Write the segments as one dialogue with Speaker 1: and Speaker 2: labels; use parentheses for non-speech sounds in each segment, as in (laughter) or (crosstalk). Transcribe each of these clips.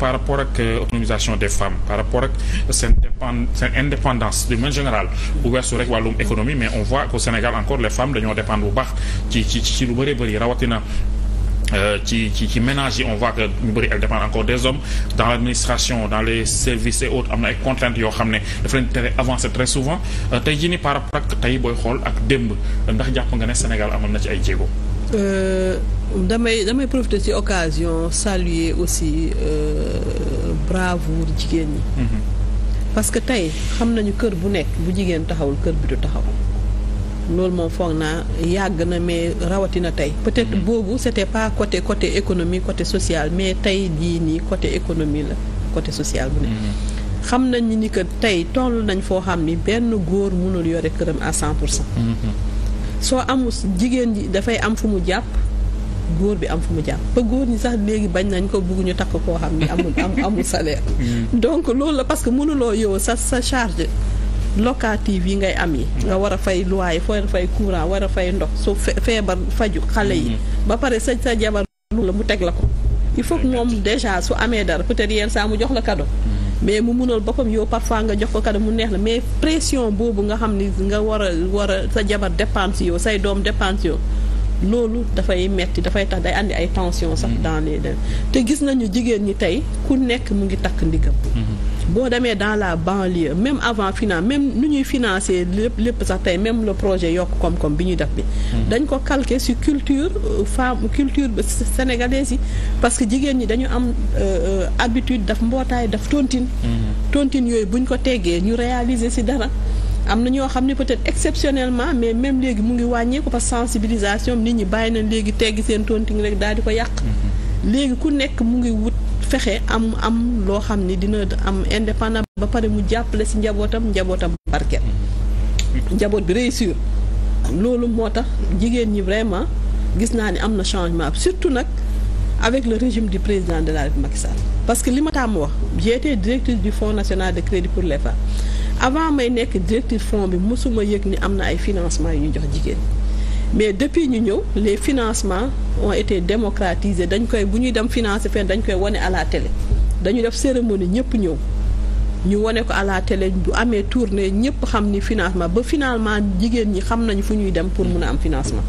Speaker 1: par rapport ak euh, autonomisation des femmes par rapport ak seen dépend seen indépendance du même général bu weesu rek wàllum économie mais on voit qu'au Sénégal encore les femmes dañoo dépendre bu baax ci ci ci lu bëree bëri rawatina. Euh, ci ci ci ménage yi on voit que ñu bëri elle dépend encore des hommes dans l'administration dans les services et autres am na ay contraintes yoo xam ne dafa leen tere avancer très souvent euh, tey jii nii par rapport ak tey booy xool ak démb ndax jàpp nga ne Sénégal amal na ci ay jéego.
Speaker 2: Euh, damay damay profité ci occasion saluer aussi euh, bravoure jigéen ñi.
Speaker 1: Mm-hmm.
Speaker 2: parce que tey xam nañu kër bu nekk bu jigéen taxawul kër bi du taxaw. loolu moom foog naa yàgg na mais rawatina tey peut-être mm-hmm. boobu c'était pas côté côté économie côté sociale mais tey jii nii côté économie la côté sociale bu nekk. Mm-hmm. xam nañ ni que tey toll nañ foo xam ni benn góor mënul yore këram à cent pour cent. soo amul jigéen ji dafay am fu mu jàpp góor bi am fu mu jàpp ba góor ñi sax léegi bañ nañ ko bugg ñu takk koo xam ni amul am amul salaire (laughs) mm. donc loolu la parce que mënuloo yow sa sa charge locative yi ngay am yi mm. nga war a fay loyer war a fay courant war a fay ndox su feebar faju xale yi mm. ba pare sa sa jabar lu mu teg la ko il faut que moom déjà su amee dara peut-être yenn saa mu jox la cadeau mais mu munal boppam yow parfois nga jox ko kaddu mu neex la mais pression boobu nga xam ni nga war a war a sa jabar dépense yow say doom dépense yow loolu dafay metti dafay tax day andi ay tension sax mm-hmm. dans les te gis nañu jigéen ñi tey ku nekk mu ngi takk ndigam mm-hmm. boo demee dans la banlieue même avant finance même nu ñuy financer lépp lépp sax tey même le projet yokk koom-koom bi ñuy def bi hmm. dañ ko calquer sur culture euh, femme culture sénégalaise yi parce que jigéen ñi dañu am euh, euh, habitude daf mbootaay daf tontine hmm. tontine yooyu bu buñ ko teggee ñu réaliser ci dara am na ñoo xam ne peut-être exceptionnellement mais même léegi mu ngi wàññeeku parce sensibilisation nit ñi bàyyi na léegi teggi seen tontine rek daal di ko yàq hmm. léegi ku nekk mu ngi wut fexe am am loo xam ni dina am indépendant ba pare mu jàppale si njabootam njabootam barket njaboot bi réussir loolu moo tax jigéen ñi vraiment gis naa ni am na changement surtout nag avec le régime du président de la République Macky parce que li ma tàmm wax j'étais directrice du Fonds national de crédit pour le femmes avant may nekk directrice fonds bi mosuma yëg ni am na ay financement yu ñu jox jigéen mais depuis ñu ñëw les financement on été démocratisés dañ koy bu ñuy dem financer fenn dañ koy wane à la télé dañu def cérémonie ñëpp ñëw ñu wane ko à la bu amee tournée ñëpp xam ni financement ba finalement jigéen ñi xam nañu fu ñuy dem pour mun a am financement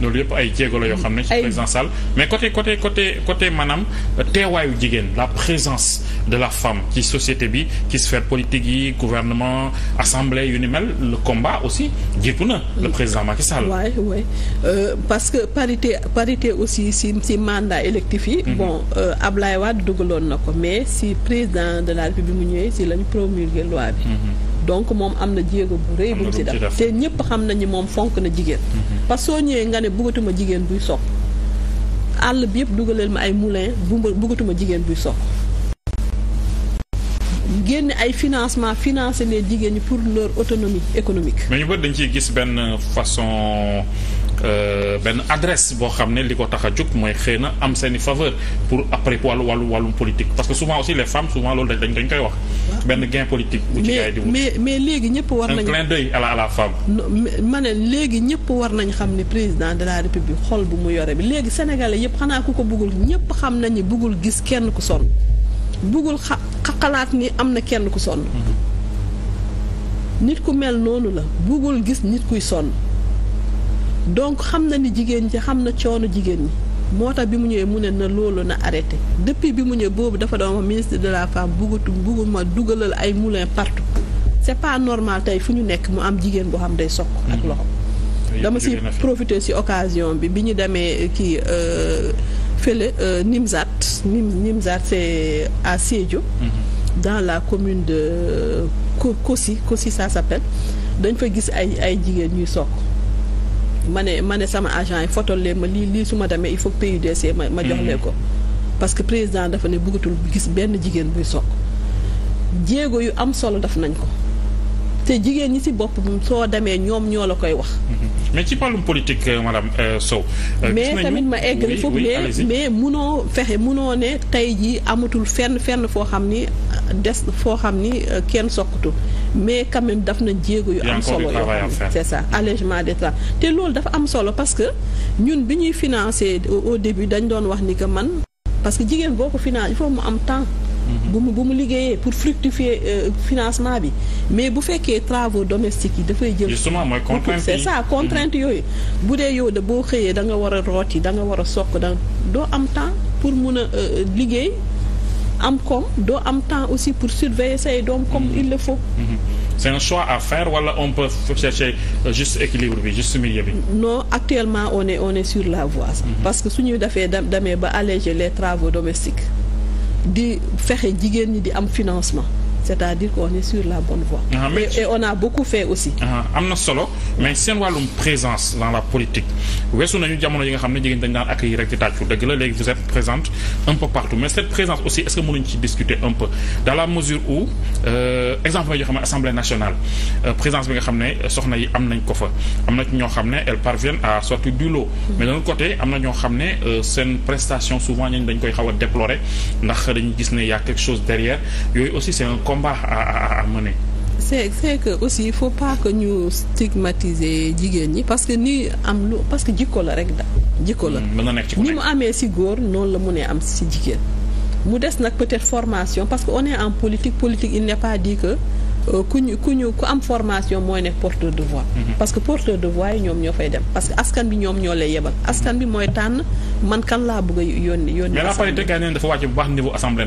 Speaker 1: loolu yëpp ay jéego la yoo xam ne ci président Sall mais côté côté côté côté maanaam teewaayu jigéen la présence de la femme ci société bi ci sphère politique yi gouvernement assemblée yu ni mel le combat aussi jiitu na le président Macky Sall
Speaker 2: waay waay euh, parce que parité parité aussi si si mandat électif yi mhm. bon euh, Ablaye Wade dugaloon na ko mais si président de la République bi mu ñëwee si lañ promulgué loi bi mhm. donc moom am na jéego bu rëy bu mu ci def te ñëpp xam nañu moom fonk na jigéen mhm. parce que ñëwee nga ne bëggatuma jigéen buy soq àll bi yëpp dugaleel ma ay moulin bu bëggatuma jigéen buy soq génne ay financement financer les jigéen ñi pour leur autonomie économique
Speaker 1: mais ñu bëri dañ ciy gis benn façon Euh, benn adresse boo xam ne li ko tax a jóg mooy xëy na am seeni faveur pour après wàllu wàllu wàllum politique parce que souvent aussi les femmes souvent loolu dañ dañ koy wax benn gain politique. bu ci gars mais
Speaker 2: mais léegi ñëpp war nañu. un clin d'œil la à la léegi ñëpp war nañ xam ne président de la république xol bu mu yore bi léegi sénégalais yëpp xanaa ku ko bëggul ñëpp xam nañu bëggul gis kenn ku sonn bëggul xa xalaat ni am na kenn ku sonn. Mm-hmm. nit ku mel noonu la bëggul gis nit kuy sonn donc xam na ni jigéen ji xam na coono jigéen ñi. moo tax bi mu ñëwee mu ne na loolu na arrêté depuis bi mu ñëwee boobu dafa doon wax ministre de la femme buggatu bugguma dugalal ay moulin partout c'est pas normal tey fu ñu nekk mu am jigéen boo xam day sokk ak mhm. loxo dama si profiter si occasion bi bi ñu demee euh, kii euh, fële euh, Nimzat Nim Nimzat c'est à Sédhiou mhm. dans la commune de Kossi Kossi ça s'appelle dañ fa gis ay ay jigéen ñuy sokk ma ne ma ne sama agent yi fotol leen ma lii lii su ma demee il faut PUDC ma ma jox lee ko mm-hmm. parce que président dafa ne bëggatul gis benn jigéen buy sokk jéego yu am solo daf nañ ko te jigéen ñi ci bopp soo demee ñoom ñoo la koy wax
Speaker 1: mm-hmm. mais ci wàllum politique euh, madame euh, Sow euh, mais tamit ma egg eggali foofu mais mais
Speaker 2: munoo fexe munoo ne tey jii amatul fenn fenn foo xam ni des foo xam ni kenn sokkutul mais quand même daf na jéego yu am solo yoo xam ne c'est ça allègement des tra te loolu dafa am solo parce que ñun bi ñuy financer au début dañ doon wax ni que man parce que jigéen boo ko financé il mu am temps mhm. bu mu bu mu liggéeyee pour fructifier euh, financement bi mais bu fekkee travaux domestiques yi dafay jël justement mooy contrainte c'est mhm. yooyu bu dee yow de boo xëyee da nga war a rooti da war a sokk da doo am temps pour mun a euh, liggéey am koom doo am temps aussi pour surveiller say doom comme mhm. il le faut
Speaker 1: mhm. c'est un choix à faire wala on peut chercher euh, juste équilibre bi juste milieu bi
Speaker 2: non actuellement on est on sur la voie mhm. parce que suñuy defee da demee ba alléger les travaux domestiques di fexe jigéen ñi di am financement c'est-à-dire qu'on est sur la bonne voie. Ah,
Speaker 1: a beaucoup fait aussi. Ah, am na solo mais seen wàllum présence dans la politique weesu nañu jamono yi nga xam ne jigéen dañ daan accueillir rek di tàccu dëgg la léegi vous êtes présente un peu partout mais cette présence aussi est que mënuñ ci discuter un peu dans mesure où euh, exemple yoo xam ne assemblée nationale euh, présence bi nga xam ne soxna yi am nañ ko fa am na ñoo xam ne elles parviennent à sortir du lot. mais d'un côté am na ñoo xam ne euh, seen prestation souvent ñañ dañ koy xaw a déplorer ndax dañuy gis ne y a quelque mbaax à à à mener.
Speaker 2: c'est c'est que aussi il faut pas que ñu stigmatiser jigéen ñi parce que ni am lu parce que jikko la rek da jikko la. Hmm,
Speaker 1: mën na nekk ci ni mu
Speaker 2: amee si góor noonu la mënee am si jigéen. mu des nag peut-être formation parce que on est en politique politique il n'est pas dit que euh, ku ñu ku ñu ku am formation mooy nekk porteur de voix. Hmm, hmm. parce porteur de voix yi ñoom ñoo fay dem parce que askan bi ñoom ñoo lay yebal. askan bi mooy tànn man kan laa bëgg yoon yónni yónni. mais la parité
Speaker 1: dafa wàcc bu baax niveau assemblée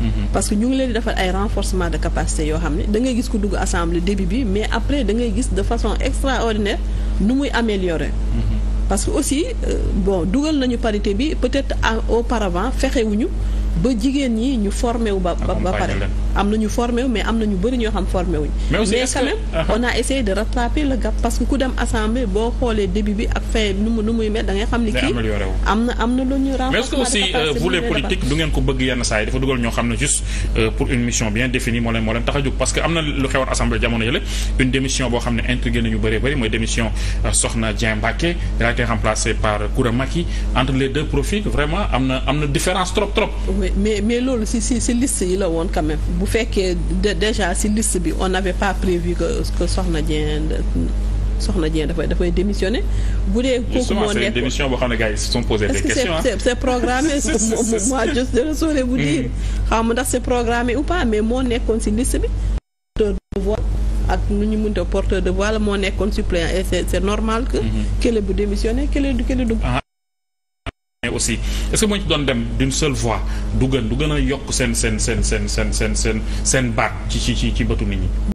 Speaker 2: Mhm. parce que ñu ngi leen di defal ay renforcement de capacité yoo xam ne dangay ngay gis ku dugg assemblée début bi mais après da ngay gis de façon extraordinaire nu muy améliorer. Mhm. parce que aussi euh, bon dugal nañu parité bi peut-être au auparavant fexewuñu ba jigéen ñi ñu formé wu ba ba pare am na ñu formé wu mais am na ñu bëri ñoo xam formé wuñ mais quand même uh -huh. de rattraper le gap parce que ku dem assemblée boo xoolee début bi ak fin nu muy mel da xam ni kii am na lu ñu mais est-ce que aussi euh, vous euh,
Speaker 1: am na lu xewoon assemblée jamono yële une démission boo xam ne intrigué nañu bëree bëri mooy démission euh, Soxna Dieng Mbacké elle a été par Koura Macky entre les deux profils vraiment am na différence trop trop
Speaker 2: mais mais bu fekkee déjà ci liste bi on n'avait pas prévu que que Soxna Dieng Soxna jeen dafay dafay démissionner bu dee kooku moo nekk
Speaker 1: démission boo xam ne gars yi se sont posé des questions c'est c'est programmé (laughs) moi je
Speaker 2: ne saurais vous mm. ma ndax c'est programmé ou pas mais moo nekkoon ci liste bi ak nu ñu mënta porteur de voix moo nekkoon suppléant et c'est normal que. Mm-hmm. kële bu démissionné kële du kële du. Ah.
Speaker 1: mais aussi est-ce que bu ñu doon dem d'une seule voix du gën du gën a yokk seen seen seen seen seen seen seen seen baat ci ci ci ci bëtu nit ñi